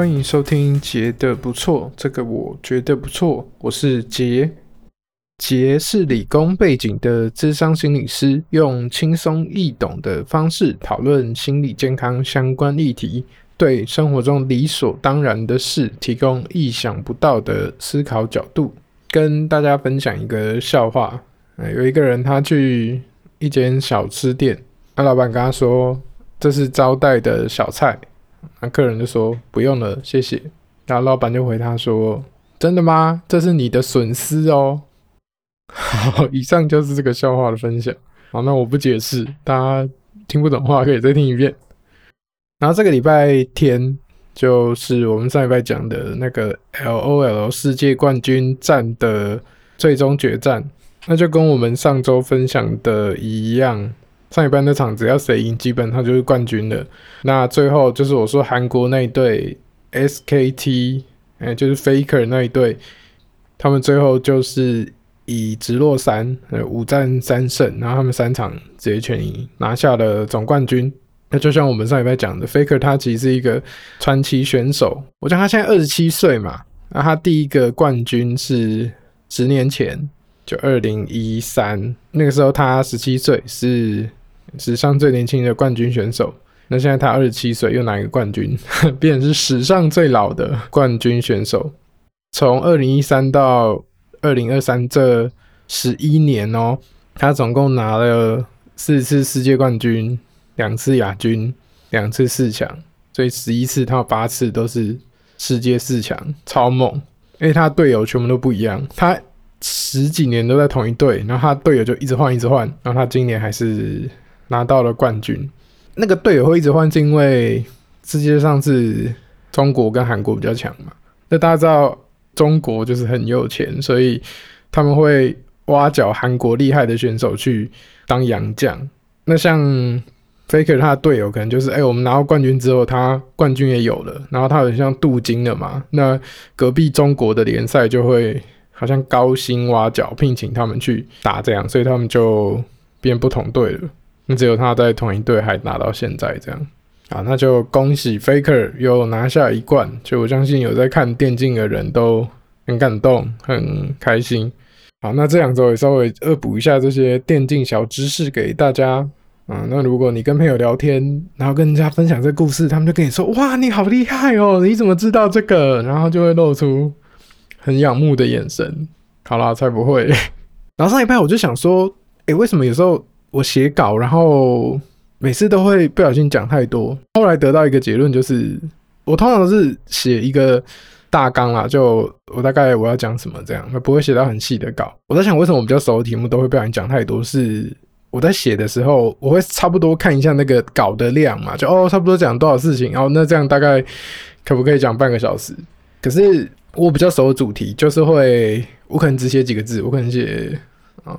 歡迎收聽傑的不錯，這個我覺得不錯，我是杰。杰是理工背景的諮商心理師，用輕鬆易懂的方式討論心理健康相關議題，對生活中理所當然的事提供意想不到的思考角度。跟大家分享一個笑話，有一個人他去一間小吃店，那老闆跟他說：“這是招待的小菜。”那客人就說不用了，謝謝。然後老闆就回他說：“真的嗎？這是你的損失哦。”好，以上就是這個笑話的分享。好，那我不解釋，大家聽不懂話可以再聽一遍。然後這個禮拜天就是我們上禮拜講的那個 LOL 世界冠軍戰的最終決戰，那就跟我們上周分享的一樣。上禮拜那場，只要誰贏，基本上就是冠軍了。那最後就是我說韓國那隊 SKT，哎，就是 Faker 那一隊，他們最後就是以直落三，呃，五戰三勝，然後他們三場直接全贏，拿下了總冠軍。那就像我們上禮拜講的，Faker 他其實是一個傳奇選手。我講他現在二十七歲嘛，那他第一個冠軍是十年前，就二零一三，那個時候他十七歲，是。史上最年輕的冠軍選手，那現在他二十七歲又拿一個冠軍，變成史上最老的冠軍選手。從二零一三到二零二三這十一年哦、喔，他總共拿了四次世界冠軍，兩次亞軍，兩次四強，所以十一次他八次都是世界四強，超猛！因為他隊友全部都不一樣，他十幾年都在同一隊，然後他隊友就一直換一直換，然後他今年還是，拿到了冠軍，那個隊友會一直換，是因為世界上是中國跟韓國比較強嘛？那大家知道中國就是很有錢，所以他們會挖角韓國厲害的選手去當洋將。那像 Faker 他的隊友可能就是，哎、欸，我們拿到冠軍之後，他冠軍也有了，然後他很像鍍金了嘛？那隔壁中國的聯賽就會好像高薪挖角，聘請他們去打這樣，所以他們就變不同隊了。只有他在同一隊還打到現在這樣啊，那就恭喜 Faker 又拿下一冠，就我相信有在看電競的人都很感動，很開心。好，那這兩周也稍微惡補一下這些電競小知識給大家啊、嗯。那如果你跟朋友聊天，然後跟人家分享這故事，他們就跟你說：“哇，你好厲害哦，你怎麼知道這個？”然後就會露出很仰慕的眼神。好啦，才不會。 然後上一排我就想說：“哎、欸，為什麼有時候？”我寫稿，然後每次都會不小心講太多。後來得到一個結論，就是我通常都是寫一個大綱啦、啊，就我大概我要講什麼這樣，那不會寫到很細的稿。我在想，為什麼我比較熟的題目都會不小心講太多？是我在寫的時候，我會差不多看一下那個稿的量嘛，就哦，差不多講多少事情，然後、哦、那這樣大概可不可以講半個小時？可是我比較熟的主題，就是會我可能只寫幾個字，我可能寫。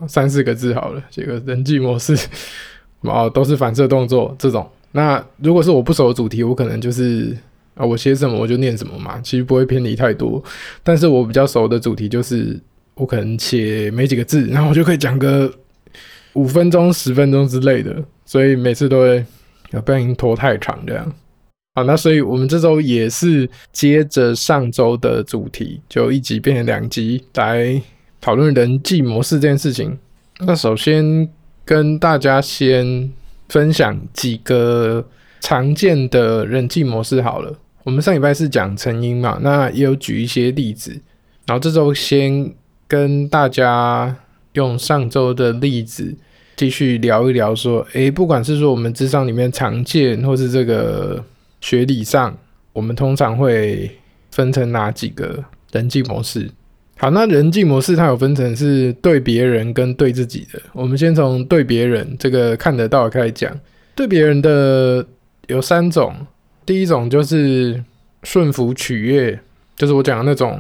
三四個字好了，這個人際模式， 哦，都是反射動作這種。那如果是我不熟的主題，我可能就是啊、哦，我寫什麼我就念什麼嘛，其實不會偏離太多。但是我比較熟的主題，就是我可能寫沒幾個字，然後我就可以講個五分鐘、十分鐘之類的，所以每次都會，不然拖太長這樣。好，那所以我們這週也是接着上週的主題，就一集變成兩集來。討論人際模式這件事情，那首先跟大家先分享幾個常見的人際模式好了。我們上禮拜是講成因嘛，那也有舉一些例子，然後這周先跟大家用上周的例子繼續聊一聊，說，哎，不管是說我們諮商裡面常見，或是這個學理上，我們通常會分成哪幾個人際模式？好，那人際模式它有分成是對別人跟對自己的。我們先從對別人這個看得到的開始講。對別人的有三種，第一種就是順服取悅，就是我講的那種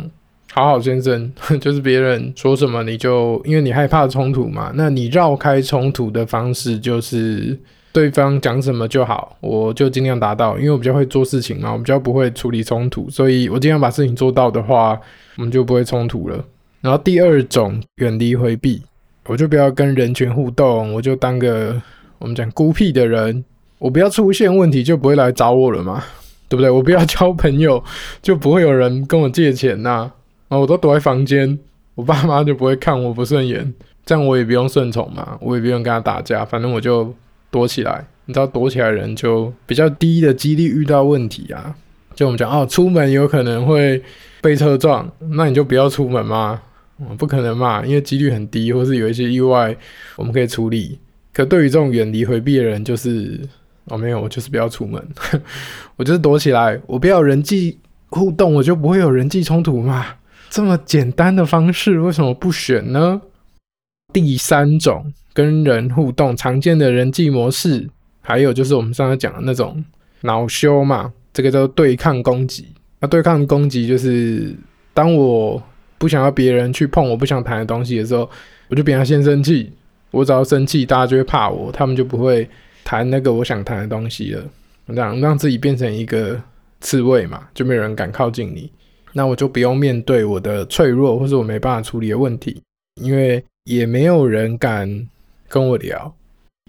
好好先生，就是別人說什麼你就，因為你害怕衝突嘛，那你繞開衝突的方式就是。對方講什麼就好，我就盡量達到，因為我比較會做事情嘛，我比較不會處理衝突，所以我盡量把事情做到的話，我們就不會衝突了。然後第二種，遠離回避，我就不要跟人群互動，我就當個我們講孤僻的人，我不要出現問題就不會來找我了嘛，對不對？我不要交朋友，就不會有人跟我借錢吶。啊，我都躲在房間，我爸媽就不會看我不順眼，這樣我也不用順從嘛，我也不用跟他打架，反正我就。躲起來，你知道躲起來的人就比較低的幾率遇到問題啊。就我們講哦，出門有可能會被車撞，那你就不要出門嘛。嗯，不可能嘛，因為幾率很低，或是有一些意外，我們可以處理。可對於這種遠離回避的人，就是哦，沒有，我就是不要出門， 我就是躲起來，我不要有人際互動，我就不會有人際衝突嘛。這麼簡單的方式為什麼不選呢？第三種。跟人互動常見的人際模式，還有就是我們上次講的那種惱羞嘛，這個叫做對抗攻擊。那對抗攻擊就是，當我不想要別人去碰我不想談的東西的時候，我就比他先生氣。我只要生氣，大家就會怕我，他們就不會談那個我想談的東西了。這樣讓自己變成一個刺蝟嘛，就沒有人敢靠近你，那我就不用面對我的脆弱，或是我沒辦法處理的問題，因為也沒有人敢跟我聊，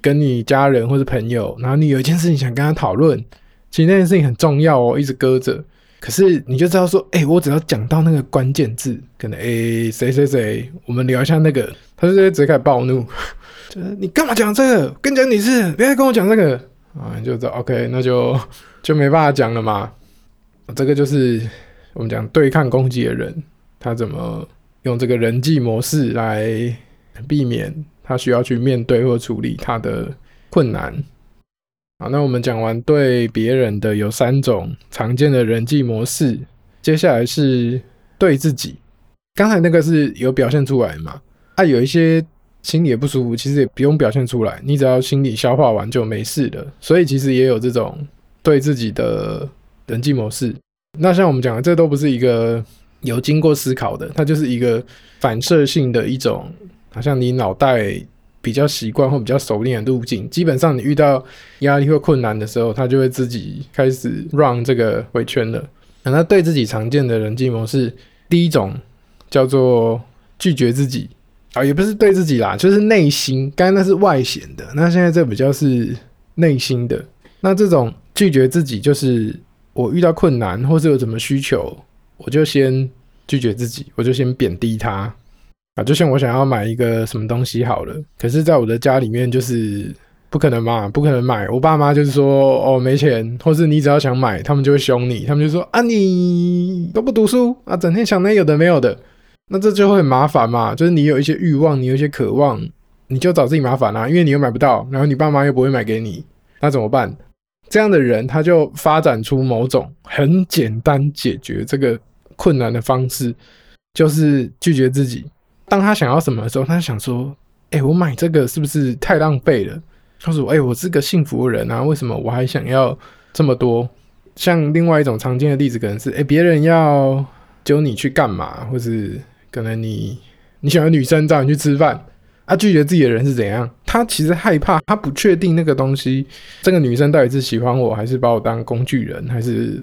跟你家人或者朋友，然後你有一件事情想跟他討論，其實那件事情很重要哦，一直擱着，可是你就知道說，哎、欸，我只要講到那個關鍵字，可能哎、欸、誰誰誰，我們聊一下那個，他就直接直接開始暴怒，就是你幹嘛講這個？跟你講你是，不要跟我講這個，啊，你就知道 OK，那就就沒辦法講了嘛。這個就是我們講對抗攻擊的人，他怎麼用這個人際模式來避免。他需要去面對或處理他的困難。好，那我們講完對別人的有三種常見的人際模式，接下來是對自己。剛才那個是有表現出來的嘛？啊，他有一些心裡也不舒服，其實也不用表現出來，你只要心裡消化完就沒事了。所以其實也有這種對自己的人際模式。那像我們講的，這都不是一個有經過思考的，它就是一個反射性的一種。好像你腦袋比較習慣或比較熟練的路徑，基本上你遇到壓力或困難的時候，他就會自己開始 run 這個迴圈了。啊、那對自己常見的人際模式，第一種叫做拒絕自己啊、哦，也不是對自己啦，就是內心。剛才那是外顯的，那現在這比較是內心的。那這種拒絕自己，就是我遇到困難或是有什麼需求，我就先拒絕自己，我就先貶低他。啊，就像我想要買一個什麼東西好了，可是，在我的家裡面就是不可能嘛，不可能買。我爸媽就是說，哦，沒錢，或是你只要想買，他們就會凶你，他們就說啊，你都不讀書啊，整天想那有的沒有的，那這就會很麻煩嘛。就是你有一些慾望，你有一些渴望，你就找自己麻煩啦，啊，因為你又買不到，然後你爸媽又不會買給你，那怎麼辦？這樣的人他就發展出某種很簡單解決這個困難的方式，就是拒絕自己。當他想要什麼的時候，他就想說：“哎、欸，我買這個是不是太浪費了？”他、就是、說：“哎、欸，我是個幸福的人啊，為什麼我還想要這麼多？”像另外一種常見的例子，可能是：“哎、欸，別人要揪你去幹嘛？”或是可能你你想要女生找你去吃飯，啊，拒絕自己的人是怎樣？他其實害怕，他不確定那個東西，這個女生到底是喜歡我還是把我當工具人，還是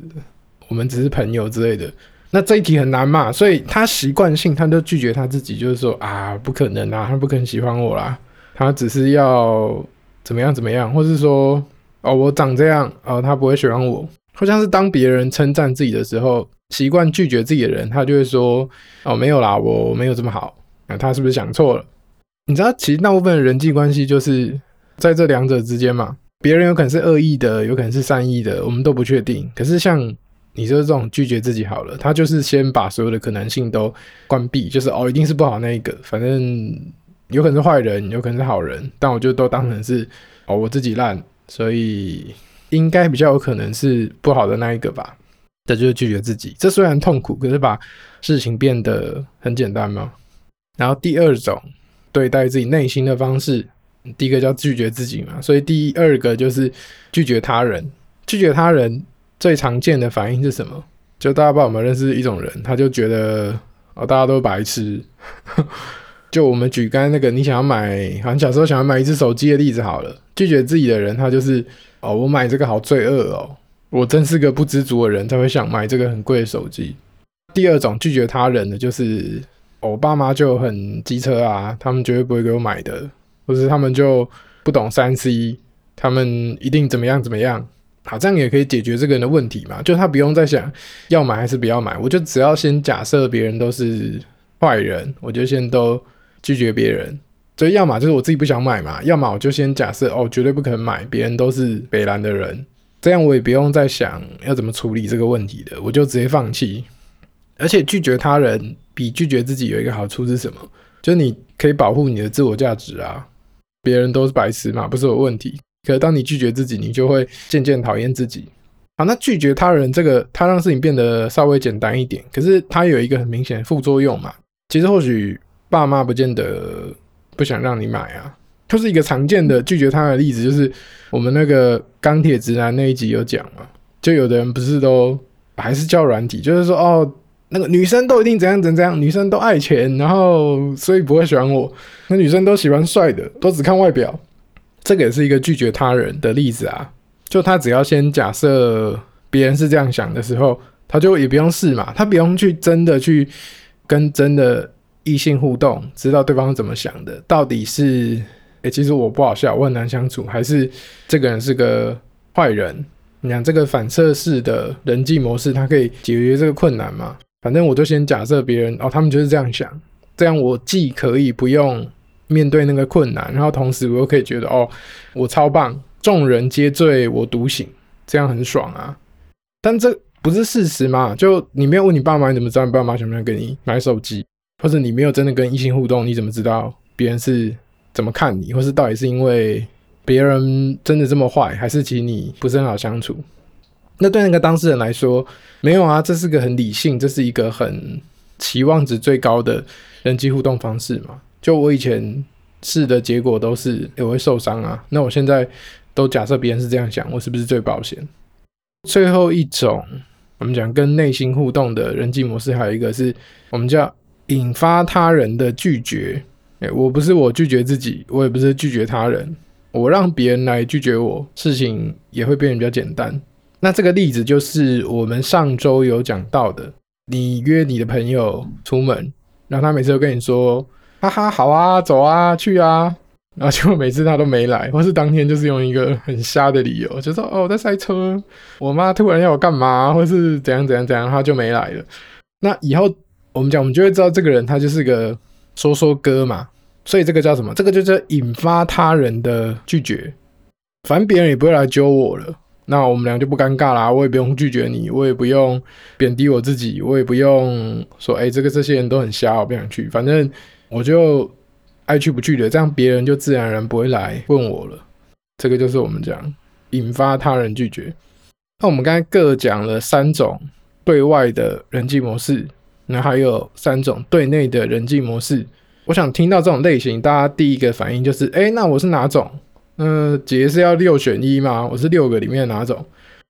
我們只是朋友之類的。那這一題很難嘛，所以他習慣性，他就拒絕他自己，就是說啊，不可能啦、啊，他不可能喜歡我啦，他只是要怎麼樣怎麼樣，或是說哦，我長這樣哦，他不會喜歡我。或像是當別人稱讚自己的時候，習慣拒絕自己的人，他就會說哦，沒有啦，我沒有這麼好。那、啊、他是不是想錯了？你知道，其實大部分的人際關係就是在這兩者之間嘛。別人有可能是惡意的，有可能是善意的，我們都不確定。可是像。你就是這種拒絕自己好了，他就是先把所有的可能性都關閉，就是哦，一定是不好那一個，反正有可能是壞人，有可能是好人，但我就都當成是哦，我自己爛，所以應該比較有可能是不好的那一個吧。這就，就是拒絕自己，這雖然痛苦，可是把事情變得很簡單嘛。然後第二種對待自己內心的方式，第一個叫拒絕自己嘛，所以第二個就是拒絕他人，拒絕他人。最常見的反應是什麼？就大家不知道，我們認識一種人，他就覺得哦，大家都白痴。 就我們舉剛才那個，你想要買，好像小時候想要買一隻手機的例子好了。拒絕自己的人，他就是哦，我買這個好罪惡哦，我真是個不知足的人，才會想買這個很貴的手機。第二種拒絕他人的就是，我、哦、爸媽就很機車啊，他們絕對不會給我買的，或是他們就不懂三 C，他們一定怎麼樣怎麼樣。好，這樣也可以解決這個人的問題嘛。就他不用再想要買還是不要買，我就只要先假設別人都是壞人，我就先都拒絕別人。所以，要麼就是我自己不想買嘛，要麼我就先假設哦，絕對不可能買，別人都是北蘭的人，這樣我也不用再想要怎麼處理這個問題的，我就直接放棄。而且拒絕他人比拒絕自己有一個好處是什麼？就你可以保護你的自我價值啊！別人都是白痴嘛，不是我有問題。可當你拒絕自己，你就會漸漸討厭自己。好，那拒絕他人，這個他讓事情變得稍微簡單一點。可是他有一個很明顯的副作用嘛。其實或許爸媽不見得不想讓你買啊，就是一個常見的拒絕他的例子，就是我們那個鋼鐵直男那一集有講嘛，就有的人不是都還是叫軟體，就是說哦，那個女生都一定怎樣怎樣，女生都愛錢，然後所以不會喜歡我。那女生都喜歡帥的，都只看外表。這個也是一個拒絕他人的例子啊，就他只要先假設別人是這樣想的時候，他就也不用試嘛，他不用去真的去跟真的異性互動，知道對方是怎麼想的，到底是誒，其實我不好笑，我很難相處，還是這個人是個壞人？你看這個反射式的人際模式，他可以解決這個困難嗎？反正我就先假設別人哦，他們就是這樣想，這樣我既可以不用。面對那個困難，然後同時我又可以覺得哦，我超棒，眾人皆醉我獨醒，這樣很爽啊！但這不是事實嘛？就你沒有問你爸媽，你怎麼知道你爸媽想不想給你買手機？或者你沒有真的跟異性互動，你怎麼知道別人是怎麼看你？或是到底是因為別人真的這麼壞，還是其實你不是很好相處？那對那個當事人來說，沒有啊，這是個很理性，這是一個很期望值最高的人際互動方式嘛。就我以前試的結果都是，欸，我會受傷啊。那我現在都假設別人是這樣想，我是不是最保險？最後一種我們講跟內心互動的人際模式，還有一個是我們叫引發他人的拒絕。誒，欸，我不是我拒絕自己，我也不是拒絕他人，我讓別人來拒絕我，事情也會變得比較簡單。那這個例子就是我們上週有講到的，你約你的朋友出門，然後他每次都跟你說。哈哈，好啊，走啊，去啊，然後結果每次他都沒來，或是當天就是用一個很瞎的理由，就說，哦，我在塞車，我媽突然要我幹嘛，或是怎樣怎樣怎樣，他就沒來了。那以後我們講，我們就會知道這個人他就是個說說哥嘛，所以這個叫什麼？這個就是引發他人的拒絕，反正別人也不會來揪我了，那我們倆就不尷尬啦，啊，我也不用拒絕你，我也不用貶低我自己，我也不用說哎、欸、這個這些人都很瞎，我不想去，反正。我就愛去不去的，這樣別人就自然而然不會來問我了。這個就是我們講引發他人拒絕。那我們剛才各講了三種對外的人際模式，那還有三種對內的人際模式。我想聽到這種類型，大家第一個反應就是：誒、欸，那我是哪種？嗯、呃，傑是要六選一嗎？我是六個裡面的哪種？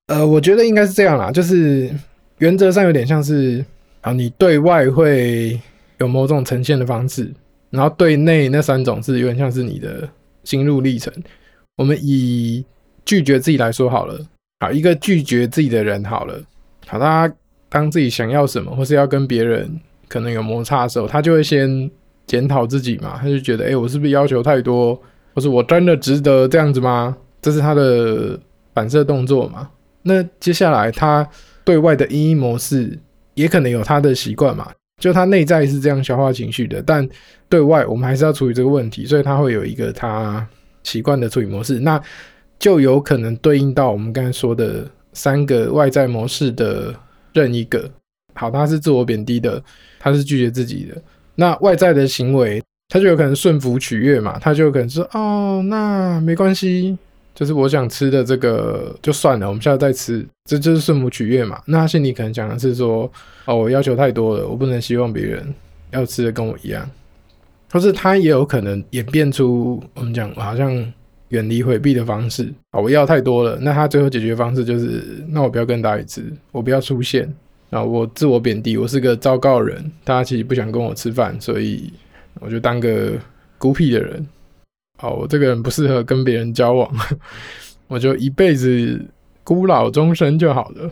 呃，我覺得應該是這樣啦，就是原則上有點像是啊，你對外會。有某種呈現的方式，然後對內那三種是有點像是你的心路歷程。我們以拒絕自己來說好了，好，一個拒絕自己的人好了，好，他當自己想要什麼或是要跟別人可能有摩擦的時候，他就會先檢討自己嘛，他就覺得哎、欸，我是不是要求太多，或是我真的值得這樣子嗎？這是他的反射動作嘛。那接下來他對外的人際模式也可能有他的習慣嘛。就他內在是這樣消化情緒的，但對外我們還是要處理這個問題，所以他會有一個他習慣的處理模式，那就有可能對應到我們剛才說的三個外在模式的任一個。好，他是自我貶低的，他是拒絕自己的。那外在的行為，他就有可能順服取悅嘛，他就有可能說，哦，那沒關係。就是我想吃的這個就算了，我們下次再吃，這就是順母取悅嘛。那他心裡可能講的是說，哦，我要求太多了，我不能希望別人要吃的跟我一樣。或是他也有可能演變出我們講好像遠離迴避的方式，啊、哦，我要太多了。那他最後解決方式就是，那我不要跟大家吃，我不要出現，啊，我自我貶低，我是個糟糕的人，大家其實不想跟我吃飯，所以我就當個孤僻的人。好，我這個人不適合跟別人交往， 我就一輩子孤老終身就好了，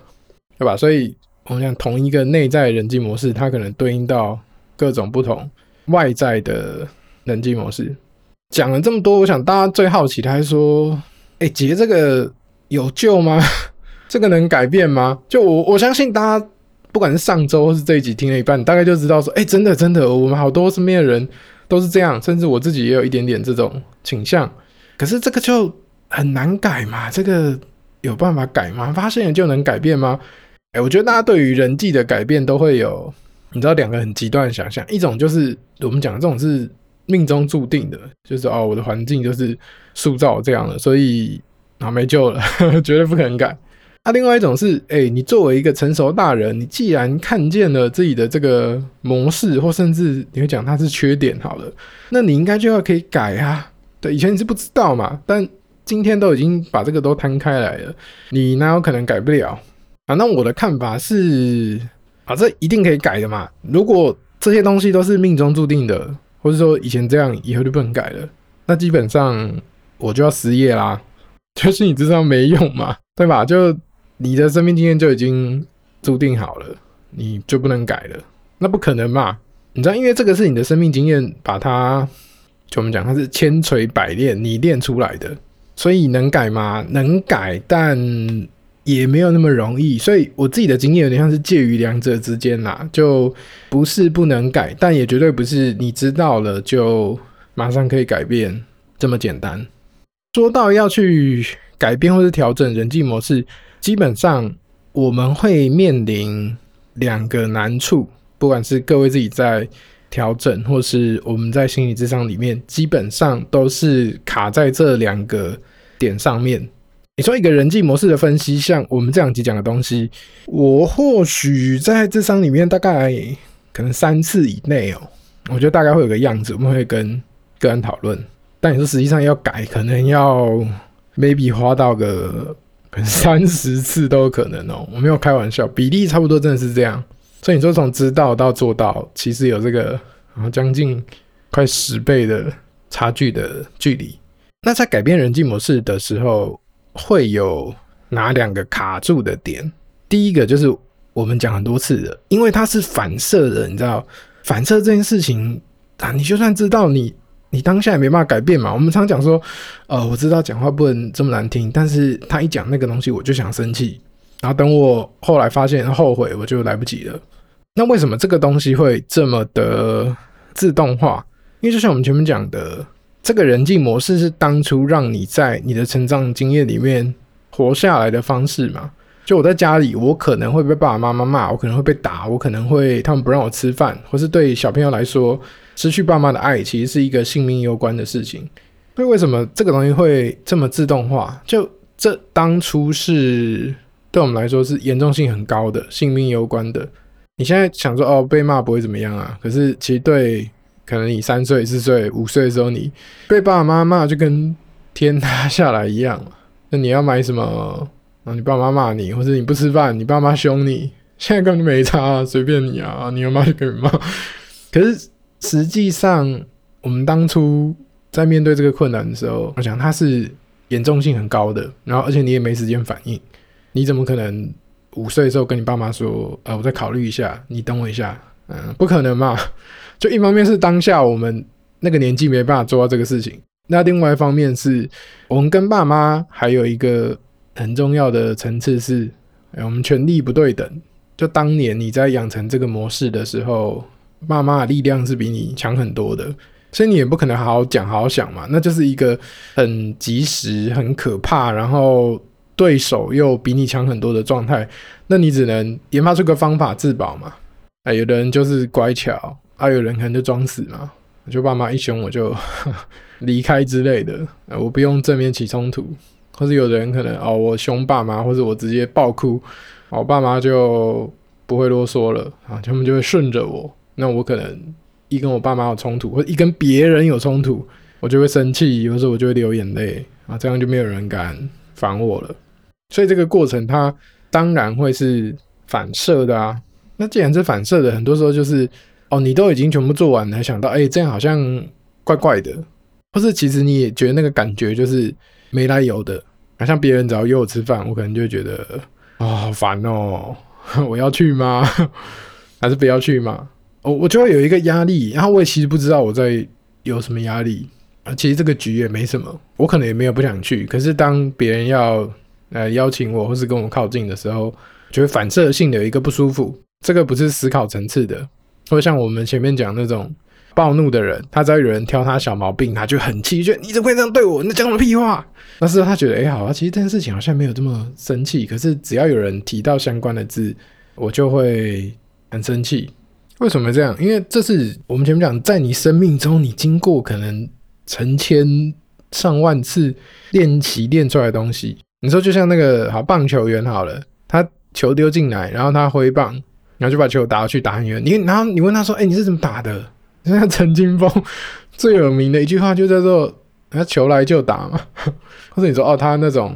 對吧？所以我們講同一個內在的人際模式，它可能對應到各種不同外在的人際模式。講了這麼多，我想大家最好奇的還說：，哎、欸，傑這個有救嗎？ 這個能改變嗎？就我我相信大家，不管是上周或是這一集聽了一半，大概就知道說：，哎、欸，真的真的，我們好多身邊的人。都是這樣，甚至我自己也有一點點這種傾向，可是這個就很難改嘛，這個有辦法改嗎？發現了就能改變嗎？哎，我覺得大家對於人際的改變都會有，你知道兩個很極端的想象，一種就是我們講的這種是命中注定的，就是哦我的環境就是塑造這樣的，所以啊、哦、沒救了呵呵，絕對不可能改。那、啊、另外一種是，哎、欸，你作為一個成熟大人，你既然看見了自己的這個模式，或甚至你會講它是缺點好了，那你應該就要可以改啊。對，以前你是不知道嘛，但今天都已經把這個都攤開來了，你哪有可能改不了啊？那我的看法是，啊，這一定可以改的嘛。如果這些東西都是命中注定的，或者說以前這樣以後就不能改了，那基本上我就要失業啦，就是你知道沒用嘛，對吧？就。你的生命經驗就已經注定好了，你就不能改了？那不可能嘛！你知道，因為這個是你的生命經驗，把它就我們講，它是千錘百煉、你練出來的，所以能改嗎？能改，但也沒有那麼容易。所以，我自己的經驗有點像是介於兩者之間啦，就不是不能改，但也絕對不是你知道了就馬上可以改變這麼簡單。說到要去改變或是調整人際模式，基本上我們會面臨兩個難處，不管是各位自己在調整，或是我們在心理諮商裡面，基本上都是卡在這兩個點上面。你說一個人際模式的分析，像我們這兩集講的東西，我或許在諮商裡面大概可能三次以內哦，我覺得大概會有個樣子，我們會跟個人討論。但你說實際上要改，可能要 maybe 花到個。三十次都有可能哦，喔，我沒有開玩笑，比例差不多真的是這樣。所以你說，從知道到做到，其實有這個啊將近快十倍的差距的距離。那在改變人際模式的時候，會有哪兩個卡住的點？第一個就是我們講很多次的，因為它是反射的，你知道，反射這件事情啊，你就算知道你，你當下也沒辦法改變嘛。我們常講說，呃，我知道講話不能這麼難聽，但是他一講那個東西，我就想生氣。然後等我後來發現後悔，我就來不及了。那為什麼這個東西會這麼的自動化？因為就像我們前面講的，這個人際模式是當初讓你在你的成長經驗裡面活下來的方式嘛。就我在家裡，我可能會被爸爸媽媽罵，我可能會被打，我可能會他們不讓我吃飯，或是對小朋友來說，失去爸媽的愛，其實是一個性命攸關的事情。所以為什麼這個東西會這麼自動化？就這當初是對我們來說是嚴重性很高的、性命攸關的。你現在想說哦，被罵不會怎麼樣啊？可是其實對可能你三歲、四歲、五歲的時候你，你被爸爸媽媽罵，就跟天塌下來一樣。那你要買什麼啊？你爸媽罵你，或者你不吃飯，你爸媽凶你，現在根本沒差啊，隨便你啊，你要罵就給你罵。可是。實際上，我們當初在面對這個困難的時候，我想它是嚴重性很高的，然後而且你也沒時間反應，你怎麼可能五歲的時候跟你爸媽說啊？我再考慮一下，你等我一下，嗯，不可能嘛？就一方面是當下我們那個年紀沒辦法做到這個事情，那另外一方面是我們跟爸媽還有一個很重要的層次是，哎，我們權力不對等。就當年你在養成這個模式的時候。爸媽的力量是比你強很多的，所以你也不可能好好講、好好想嘛。那就是一個很及時、很可怕，然後對手又比你強很多的狀態。那你只能研發出個方法自保嘛。啊、哎，有的人就是乖巧，啊，有人可能就裝死嘛，就爸媽一凶我就呵呵離開之類的、啊。我不用正面起衝突，或是有的人可能哦，我凶爸媽，或者我直接暴哭，我、哦、爸媽就不會囉嗦了啊，他們就會順着我。那我可能一跟我爸媽有衝突，或一跟別人有衝突，我就會生氣，有時候我就會流眼淚啊，這樣就沒有人敢煩我了。所以這個過程它當然會是反射的啊。那既然是反射的，很多時候就是哦，你都已經全部做完了，還想到哎，這樣好像怪怪的，或是其實你也覺得那個感覺就是沒來由的。好像別人只要約我吃飯，我可能就會覺得啊，好煩哦，我要去嗎？ 還是不要去嗎？我我就會有一個壓力，然後我也其實不知道我在有什麼壓力啊。其實這個局也沒什麼，我可能也沒有不想去。可是當別人要呃邀請我，或是跟我靠近的時候，就會反射性的有一個不舒服。這個不是思考層次的，會像我們前面講的那種暴怒的人，他只要有人挑他小毛病，他就很氣，就你怎麼會這樣對我？你講什麼屁話？那時候他覺得哎、欸，好啊，其實這件事情好像沒有這麼生氣。可是只要有人提到相關的字，我就會很生氣。為什麼這樣？因為這是我們前面講，在你生命中，你經過可能成千上萬次練習練出來的東西。你說就像那個好棒球員好了，他球丟進來，然後他揮棒，然後就把球打過去，打很遠。你然後你問他說：“哎、欸，你是怎麼打的？”像陳金鋒最有名的一句話就叫做“他球來就打嘛”，或者你說哦，他那種。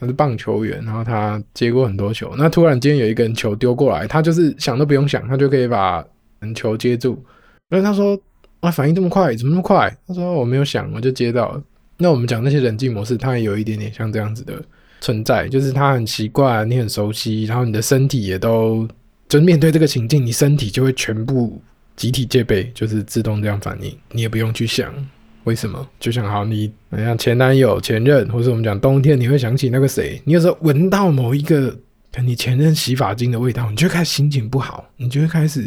他是棒球員，然後他接過很多球。那突然間有一個人球丟過來，他就是想都不用想，他就可以把人球接住。那他說：“啊，反應這麼快，怎麼那麼快？”他說：“我沒有想，我就接到。”那我們講那些人際模式，他也有一點點像這樣子的存在，就是他很奇怪，你很熟悉，然後你的身體也都就是、面對這個情境，你身體就會全部集體戒備，就是自動這樣反應，你也不用去想。為什麼就像好你？好像前男友、前任，或者我們講冬天，你會想起那個誰？你有時候聞到某一個你前任洗髮精的味道，你就開始心情不好，你就會開始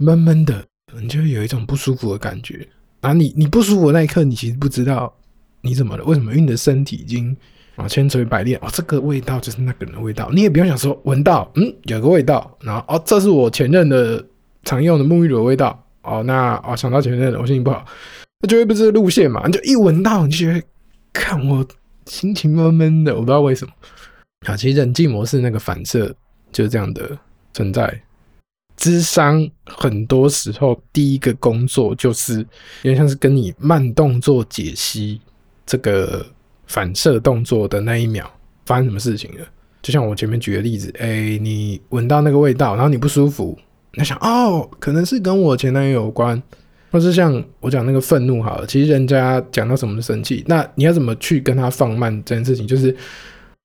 悶悶的，你就會有一種不舒服的感覺。啊，你你不舒服的那一刻，你其實不知道你怎麼了，為什麼？因為你的身體已經啊千錘百煉。啊、哦、這個味道就是那個人的味道。你也不要想說聞到嗯有個味道，然後哦這是我前任的常用的沐浴露的味道。哦，那哦想到前任了，我心情不好。那絕對不是路線嘛，你就一聞到，你就覺得看我心情悶悶的，我不知道為什麼，好。其實人際模式那個反射就是這樣的存在。諮商很多時候第一個工作就是，因為像是跟你慢動作解析這個反射動作的那一秒發生什麼事情了。就像我前面舉的例子，誒、欸、你聞到那個味道，然後你不舒服，你想哦，可能是跟我前男友有關。就是像我講那個憤怒好了，其實人家講到什麼生氣，那你要怎麼去跟他放慢這件事情？就是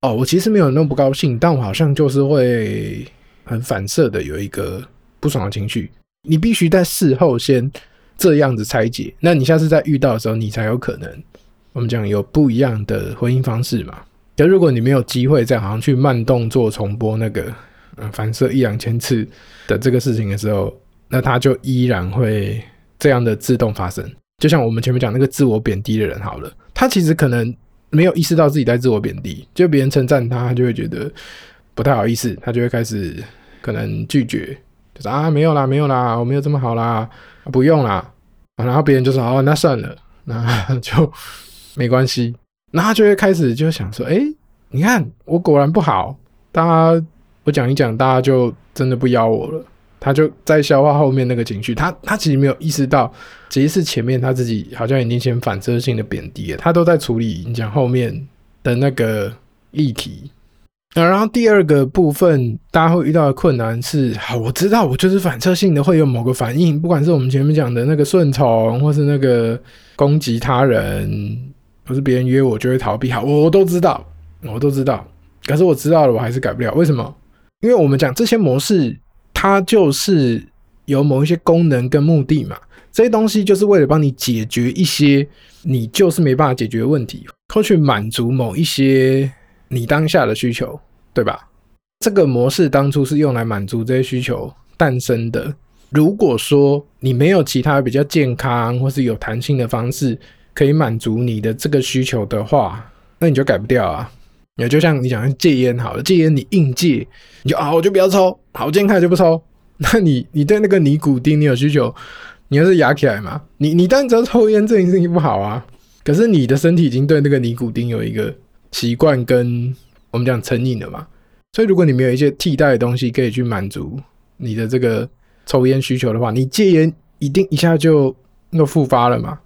哦，我其實沒有那麼不高興，但我好像就是會很反射的有一個不爽的情緒。你必須在事後先這樣子拆解，那你下次再遇到的時候，你才有可能我們講有不一樣的回應方式嘛。就如果你沒有機會再好像去慢動作重播那個嗯反射一兩千次的這個事情的時候，那他就依然會。這樣的自動發生，就像我們前面講那個自我貶低的人好了，他其實可能沒有意識到自己在自我貶低，就別人稱讚他，他就會覺得不太好意思，他就會開始可能拒絕，就說啊沒有啦，沒有啦，我沒有這麼好啦，不用啦。然後別人就說哦那算了，那就沒關係。那他就會開始就想說，哎、欸，你看我果然不好，大家我講一講，大家就真的不要我了。他就在消化後面那個情緒，他他其實沒有意識到，其實是前面他自己好像已經先反射性的貶低了，他都在處理你講後面的那個議題。那然後第二個部分，大家會遇到的困難是：好，我知道我就是反射性的會有某個反應，不管是我們前面講的那個順從，或是那個攻擊他人，或是別人約我就會逃避，好，我我都知道，我都知道，可是我知道了，我還是改不了。為什麼？因為我們講這些模式。它就是有某一些功能跟目的嘛，這些東西就是為了幫你解決一些你就是沒辦法解決的問題，或去滿足某一些你當下的需求，對吧？這個模式當初是用來滿足這些需求誕生的。如果說你沒有其他比較健康或是有彈性的方式可以滿足你的這個需求的話，那你就改不掉啊。也就像你講戒菸，好了，戒菸你硬戒，你就啊我就不要抽，好健康就不抽。那你你對那個尼古丁你有需求，你要是壓起來嘛，你你當然知道抽菸這件事情不好啊。可是你的身體已經對那個尼古丁有一個習慣跟我們講成癮了嘛。所以如果你沒有一些替代的東西可以去滿足你的這個抽菸需求的話，你戒菸一定一下就又復發了嘛。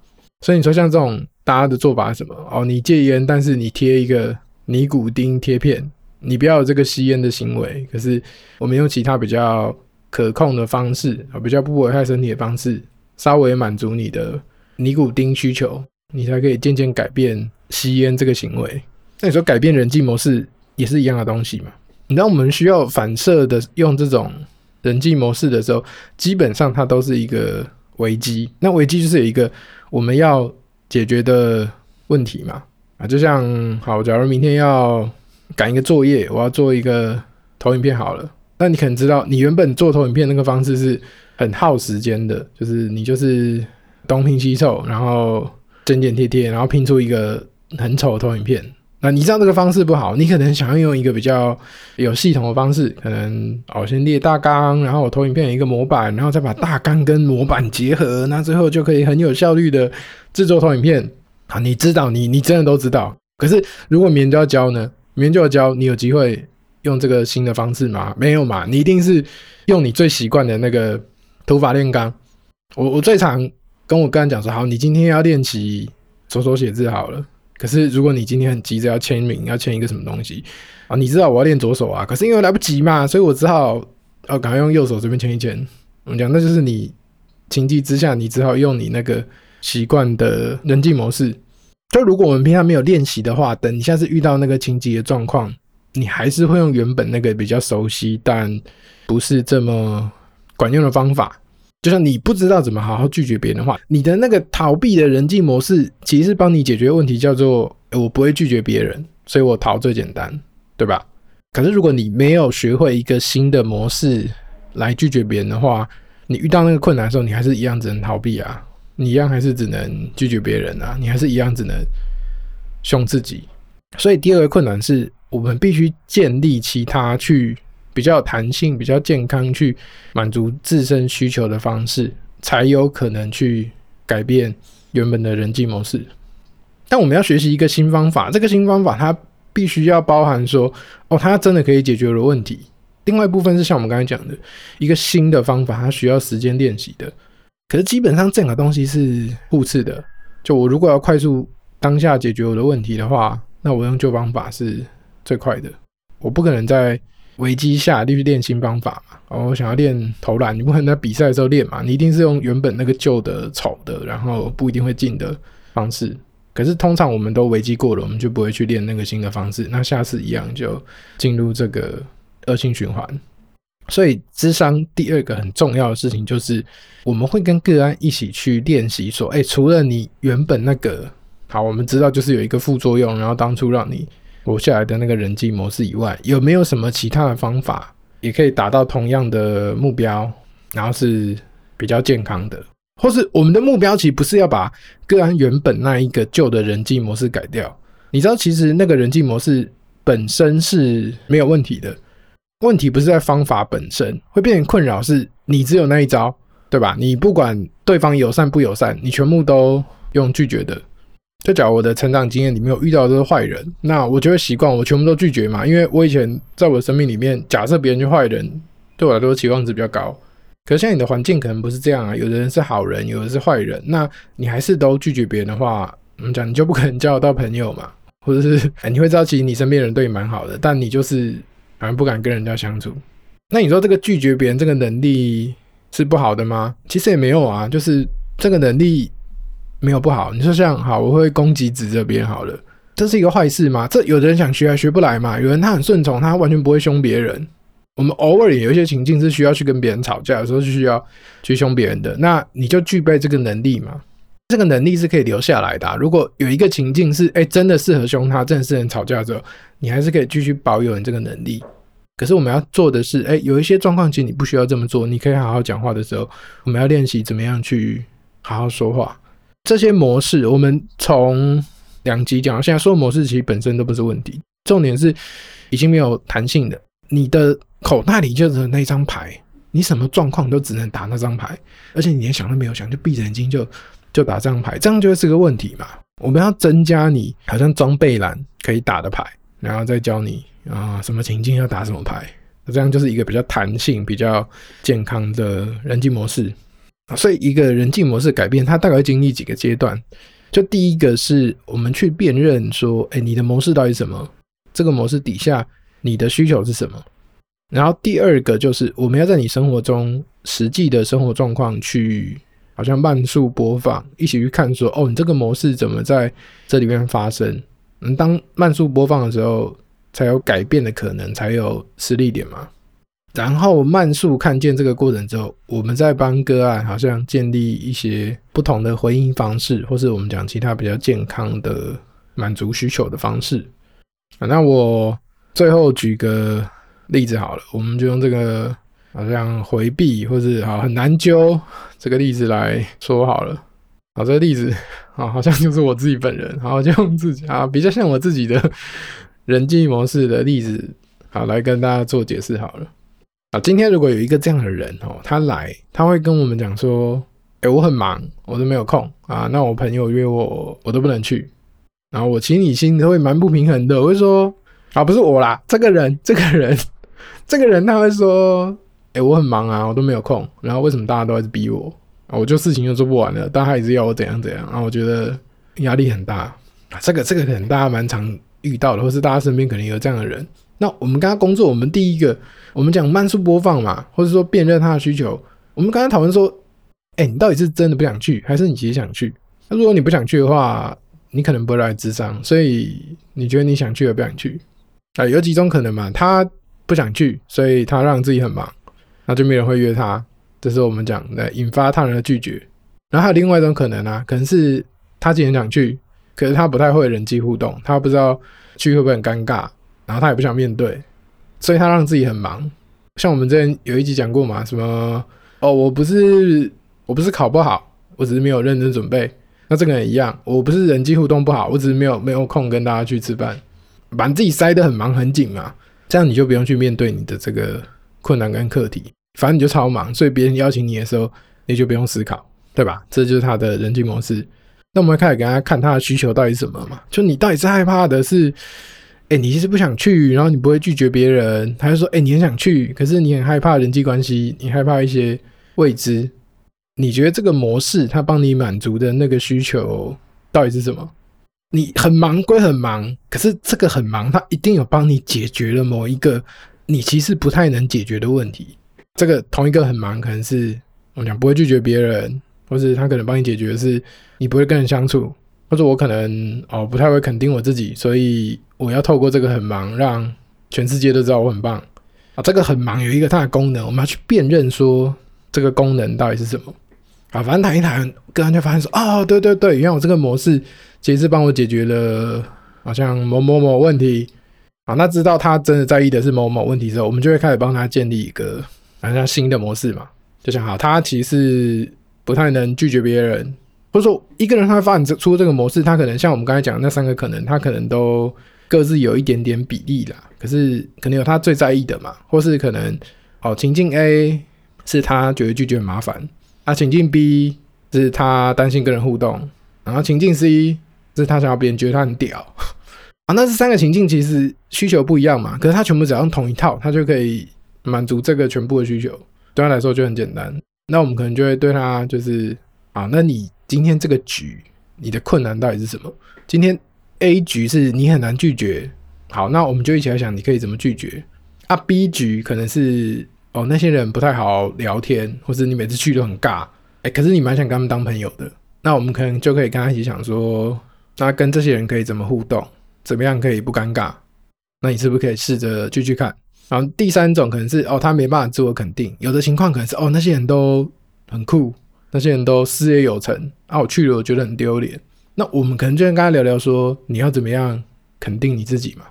所以你說像這種大家的做法是什麼？哦，你戒菸，但是你貼一個。尼古丁貼片，你不要有這個吸菸的行為。可是我們用其他比較可控的方式啊，比較不危害身體的方式，稍微滿足你的尼古丁需求，你才可以漸漸改變吸菸這個行為。那你說改變人際模式也是一樣的東西嘛。你知道我們需要反射的用這種人際模式的時候，基本上它都是一個危機。那危機就是有一個我們要解決的問題嘛。啊，就像好，我假如明天要趕一個作業，我要做一個投影片好了。那你可能知道，你原本做投影片那個方式是很耗時間的，就是你就是東拼西湊，然後剪剪貼貼，然後拼出一個很醜的投影片。那你知道這個方式不好，你可能想要用一個比較有系統的方式，可能哦，我先列大綱，然後我投影片有一個模板，然後再把大綱跟模板結合，那最後就可以很有效率的制作投影片。啊，你知道你你真的都知道，可是如果明天就要交呢？明天就要交，你有機會用這個新的方式嗎？沒有嘛，你一定是用你最習慣的那個土法煉鋼。我我最常跟我客人講說，好，你今天要練習左手寫字好了。可是如果你今天很急着要簽名，要簽一個什麼東西啊？你知道我要練左手啊，可是因為來不及嘛，所以我只好哦，趕快用右手這邊簽一簽。我們講，那就是你情急之下，你只好用你那個。習慣的人際模式，就如果我們平常沒有練習的話，等你下次遇到那個情急的狀況，你還是會用原本那個比較熟悉但不是這麼管用的方法。就像你不知道怎麼好好拒絕別人的話，你的那個逃避的人際模式其實幫你解決問題，叫做、欸“我不會拒絕別人，所以我逃最簡單”，對吧？可是如果你沒有學會一個新的模式來拒絕別人的話，你遇到那個困難的時候，你還是一樣只能逃避啊。你一樣還是只能拒絕別人啊，你還是一樣只能凶自己。所以第二個困難是我們必須建立其他去比較彈性、比較健康去滿足自身需求的方式，才有可能去改變原本的人際模式。但我們要學習一個新方法，這個新方法它必須要包含說，哦，它真的可以解決了問題。另外一部分是像我們剛才講的一個新的方法，它需要時間練習的。可是基本上，這個東西是互斥的。就我如果要快速當下解決我的問題的話，那我用舊方法是最快的。我不可能在危機下繼續練新方法嘛。然後、哦、我想要練投籃，你不可能在比賽的時候練嘛。你一定是用原本那個舊的、醜的，然後不一定會進的方式。可是通常我們都危機過了，我們就不會去練那個新的方式。那下次一樣就進入這個惡性循環。所以，諮商第二個很重要的事情就是，我們會跟個案一起去練習，說，哎、欸，除了你原本那個好，我們知道就是有一個副作用，然後當初讓你活下來的那個人際模式以外，有沒有什麼其他的方法，也可以達到同樣的目標，然後是比較健康的？或是我們的目標其實不是要把個案原本那一個舊的人際模式改掉？你知道，其實那個人際模式本身是沒有問題的。問題不是在方法本身會變成困擾，是你只有那一招，對吧？你不管對方友善不友善，你全部都用拒絕的。就假如我的成長經驗，裡面有遇到的都是壞人，那我就會習慣我全部都拒絕嘛，因為我以前在我的生命裡面，假設別人是壞人，對我來說的期望值比較高。可是現在你的環境可能不是這樣啊，有的人是好人，有的是壞人，那你還是都拒絕別人的話，我們講你就不可能交得到朋友嘛，或者是、哎、你會知道，其實你身邊人對你蠻好的，但你就是。反正不敢跟人家相處，那你說這個拒絕別人這個能力是不好的嗎？其實也沒有啊，就是這個能力沒有不好。你就像，好，我會攻擊指責別人。好了，這是一個壞事嗎？這有的人想學還學不來嘛，有人他很順從，他完全不會凶別人。我們偶爾也有一些情境是需要去跟別人吵架的時候，就需要去凶別人的，那你就具備這個能力嘛。這個能力是可以留下來的、啊。如果有一個情境是，哎、欸，真的適合凶他，真的是人吵架的時候，你還是可以繼續保有你這個能力。可是我們要做的是，哎、欸，有一些狀況其實你不需要這麼做，你可以好好講話的時候，我們要練習怎麼樣去好好說話。這些模式，我們從兩集講到現在，所有模式其實本身都不是問題，重點是已經沒有彈性的。你的口袋裡就是那張牌，你什麼狀況都只能打那張牌，而且你連想都沒有想，就閉着眼睛就。就打這張牌，這樣就會是個問題嘛。我們要增加你好像裝備欄可以打的牌，然後再教你啊、哦、什麼情境要打什麼牌，那這樣就是一個比較彈性、比較健康的人際模式。所以一個人際模式改變，它大概會經歷幾個階段。就第一個是我們去辨認說，哎、欸，你的模式到底什麼？這個模式底下你的需求是什麼？然後第二個就是我們要在你生活中實際的生活狀況去。好像慢速播放，一起去看說，說，哦，你這個模式怎麼在這裡面發生？嗯，當慢速播放的時候，才有改變的可能，才有施力點嘛。然後慢速看見這個過程之後，我們再幫個案好像建立一些不同的回應方式，或是我們講其他比較健康的滿足需求的方式。啊，那我最後舉個例子好了，我們就用這個，好像回避或是好很難揪。這個例子來說好了，好這個例子啊，好像就是我自己本人，好就自己啊，比較像我自己的人際模式的例子，好來跟大家做解釋好了。啊，今天如果有一個這樣的人哦，他來他會跟我們講說，誒、欸，我很忙，我都沒有空啊，那我朋友約我我都不能去，然後我心裡心會蠻不平衡的，我會說啊，不是我啦，這個人，這個人，這個人，他會說。哎，我很忙啊，我都沒有空。然後為什麼大家都一直逼我？啊、我就事情又做不完了，但他一直要我怎樣怎樣啊？我覺得壓力很大。啊、這個這個可能大家蠻常遇到的，或是大家身邊可能有這樣的人。那我們剛剛工作，我們第一個我們講慢速播放嘛，或者說辨認他的需求。我們剛剛討論說，哎，你到底是真的不想去，還是你其實想去？那、啊、如果你不想去的話，你可能不會來諮商。所以你覺得你想去而不想去啊？有幾種可能嘛？他不想去，所以他讓自己很忙。那就沒人會約他，這是我們講的，引發他人的拒絕。然後還有另外一種可能啊，可能是他今天想去，可是他不太會人際互動，他不知道去會不會很尷尬，然後他也不想面對，所以他讓自己很忙。像我們之前有一集講過嘛，什麼哦，我不是我不是考不好，我只是沒有認真準備。那這個人一樣，我不是人際互動不好，我只是沒有沒有空跟大家去吃飯，把自己塞得很忙很緊嘛，這樣你就不用去面對你的這個。困難跟課題，反正你就超忙，所以別人邀請你的時候，你就不用思考，對吧？這就是他的人際模式。那我們開始給他看他的需求到底是什麼嘛？就你到底是害怕的是，是、欸、誒，你其實不想去，然後你不會拒絕別人。他就說，誒、欸，你很想去，可是你很害怕人際關係，你害怕一些未知。你覺得這個模式他幫你滿足的那個需求到底是什麼？你很忙歸很忙，可是這個很忙，他一定有幫你解決了某一個。你其實不太能解決的問題，這個同一個很忙，可能是我想講不會拒絕別人，或是他可能幫你解決的是，你不會跟人相處，或者我可能哦不太會肯定我自己，所以我要透過這個很忙，讓全世界都知道我很棒啊。這個很忙有一個它的功能，我們要去辨認說這個功能到底是什麼啊。反正談一談，跟人就發現說，哦對對對，原來我這個模式其實是幫我解決了好像某某某問題。好，那知道他真的在意的是某某問題之後，我們就會開始幫他建立一個好、啊、像新的模式嘛。就想好，他其實不太能拒絕別人，或者說一個人他發展出這個模式，他可能像我們剛才講的那三個可能，他可能都各自有一點點比例啦，可是肯定有他最在意的嘛，或是可能，好，情境 A 是他覺得拒絕很麻煩，啊，情境 B 是他擔心跟人互動，然後情境 C 是他想要別人覺得他很屌。啊，那這三個情境，其實需求不一樣嘛。可是他全部只要用同一套，他就可以滿足這個全部的需求。對他來說就很簡單。那我們可能就會對他就是啊，那你今天這個局，你的困難到底是什麼？今天 A 局是你很難拒絕，好，那我們就一起來想，你可以怎麼拒絕啊？B 局可能是哦，那些人不太好聊天，或是你每次去都很尬，哎、欸，可是你蠻想跟他們當朋友的。那我們可能就可以跟他一起想說，那跟這些人可以怎麼互動？怎麼樣可以不尷尬？那你是不是可以試着繼續看？然後第三種可能是哦，他沒辦法自我肯定。有的情況可能是哦，那些人都很酷，那些人都事業有成，啊，我去了我覺得很丟臉。那我們可能就跟他聊聊說，說你要怎麼樣肯定你自己嘛。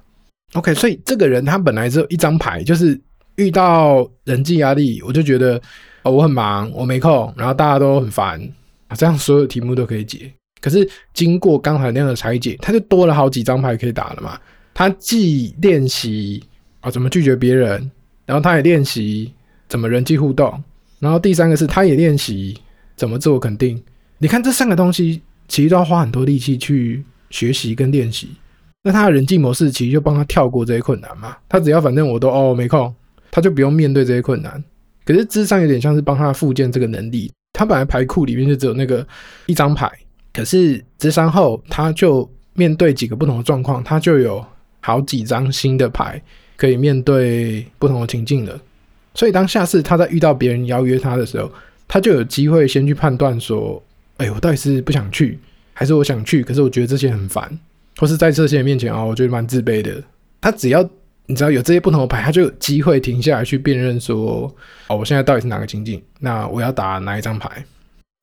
OK，所以這個人他本來只有一張牌，就是遇到人際壓力，我就覺得哦，我很忙，我沒空，然後大家都很煩啊，這樣所有題目都可以解。可是經過剛才那樣的拆解，他就多了好幾張牌可以打了嘛。他既練習啊怎麼拒絕別人，然後他也練習怎麼人際互動，然後第三個是他也練習怎麼自我肯定。你看這三個東西其實都要花很多力氣去學習跟練習。那他的人際模式其實就幫他跳過這些困難嘛。他只要反正我都哦沒空，他就不用面對這些困難。可是諮商有點像是幫他復健這個能力。他本來牌庫裡面就只有那個一張牌。可是，諮商後，他就面對幾個不同的狀況，他就有好幾張新的牌可以面對不同的情境了。所以，當下次他在遇到別人邀約他的時候，他就有機會先去判斷說：哎、欸，我到底是不想去，還是我想去？可是，我覺得這些很煩，或是在這些人面前啊、喔，我覺得蠻自卑的。他只要你知道有這些不同的牌，他就有機會停下來去辨認說：哦、喔，我現在到底是哪個情境？那我要打哪一張牌？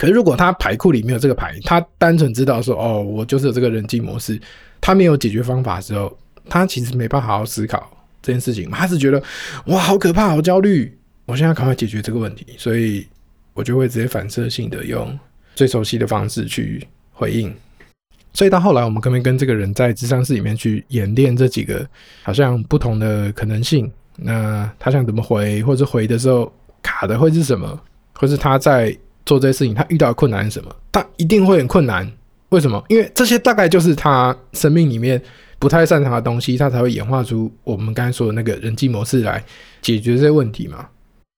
可是，如果他牌庫裡沒有這個牌，他單純知道說：“哦，我就是有這個人際模式，他沒有解決方法的時候，他其實沒辦法好好思考這件事情，他只覺得哇，好可怕，好焦慮，我現在趕快解決這個問題。”所以，我就會直接反射性的用最熟悉的方式去回應。所以到後來，我們可不可以跟這個人在諮商室裡面去演練這幾個好像不同的可能性。那他想怎麼回，或者回的時候卡的會是什麼，或是他在。做這些事情，他遇到的困難是什麼？他一定會很困難，為什麼？因為這些大概就是他生命裡面不太擅長的東西，他才會演化出我們剛才說的那個人際模式來解決這些問題嘛。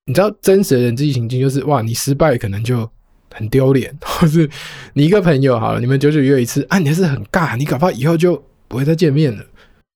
你知道真實的人際情境就是，哇，你失敗可能就很丟臉，或者是你一個朋友好了，你們久久約一次，啊，你還是很尬，你搞不好以後就不會再見面了。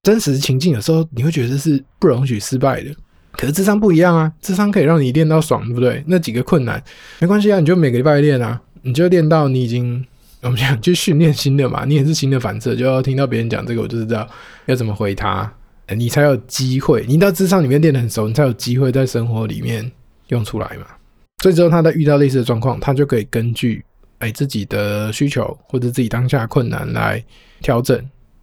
真實情境有時候你會覺得是不容許失敗的。可是諮商不一樣啊，諮商可以讓你練到爽，對不對？那幾個困難沒關係啊，你就每個禮拜練啊，你就練到你已經，我們講去訓練新的嘛，你也是新的反射，就要聽到別人講這個，我就知道要怎麼回他，欸、你才有機會。你到諮商裡面練得很熟，你才有機會在生活裡面用出來嘛。所以之後他在遇到類似的狀況，他就可以根據哎、欸、自己的需求或者自己當下的困難來調整。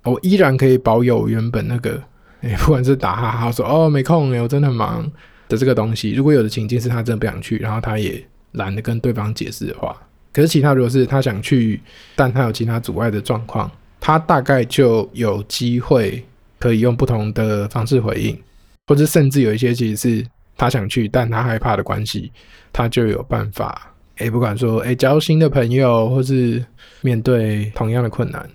我依然可以保有原本那個。哎，不管是打哈哈說哦沒空，哎，我真的很忙的這個東西，如果有的情境是他真的不想去，然後他也懶得跟對方解釋的話，可是其他如果是他想去，但他有其他阻礙的狀況，他大概就有機會可以用不同的方式回應，或者甚至有一些其實是他想去，但他害怕的關係，他就有辦法。哎，不管說哎，交新的朋友，或是面對同樣的困難，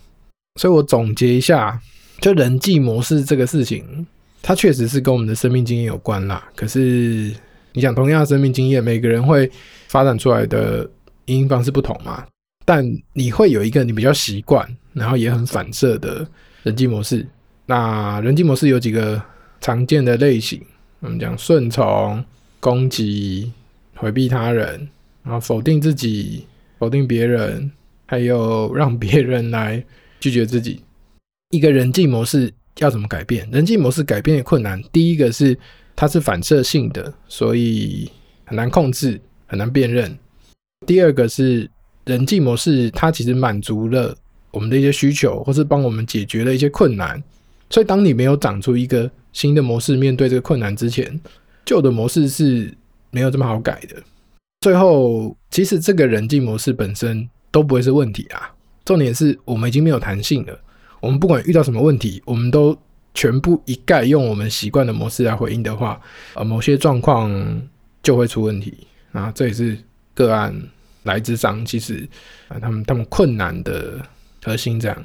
所以我總結一下。就人際模式這個事情，它確實是跟我們的生命經驗有關啦。可是，你想，同樣的生命經驗，每個人會發展出來的因應方式不同嘛，但你會有一個你比較習慣，然後也很反射的人際模式。那人際模式有幾個常見的類型？我們講順從、攻擊、回避他人，然後否定自己、否定別人，還有讓別人來拒絕自己。一個人際模式要怎麼改變？人際模式改變的困難，第一個是它是反射性的，所以很難控制、很難辨認。第二個是人際模式，它其實滿足了我們的一些需求，或是幫我們解決了一些困難。所以，當你沒有長出一個新的模式面對這個困難之前，舊的模式是沒有這麼好改的。最後，其實這個人際模式本身都不會是問題啊，重點是我們已經沒有彈性了。我們不管遇到什麼問題，我們都全部一概用我們習慣的模式來回應的話，呃，某些狀況就會出問題啊。這也是個案來諮商，其實啊、呃，他們他們困難的核心這樣。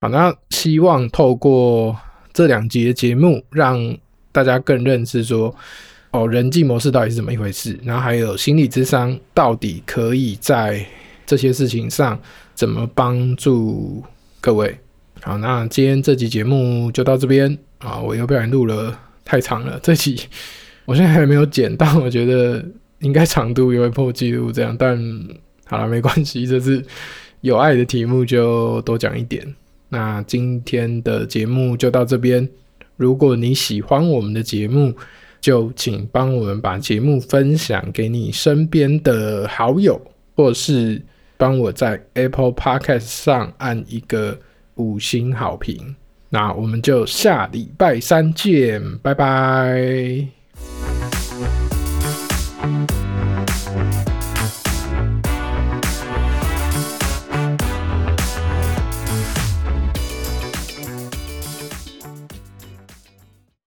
好，那希望透過這兩集的節目，讓大家更認識說，哦，人際模式到底是怎麼一回事，然後還有心理諮商到底可以在這些事情上怎麼幫助各位。好，那今天這集節目就到這邊啊、哦！我又不小心錄了太長了，這集我現在還沒有剪到，我覺得應該長度也會破紀錄這樣。但好了，沒關係，這次有愛的題目，就多講一點。那今天的節目就到這邊。如果你喜歡我們的節目，就請幫我們把節目分享給你身邊的好友，或是幫我在 Apple Podcast 上按一個。五星好評，那我們就下禮拜三見，拜拜。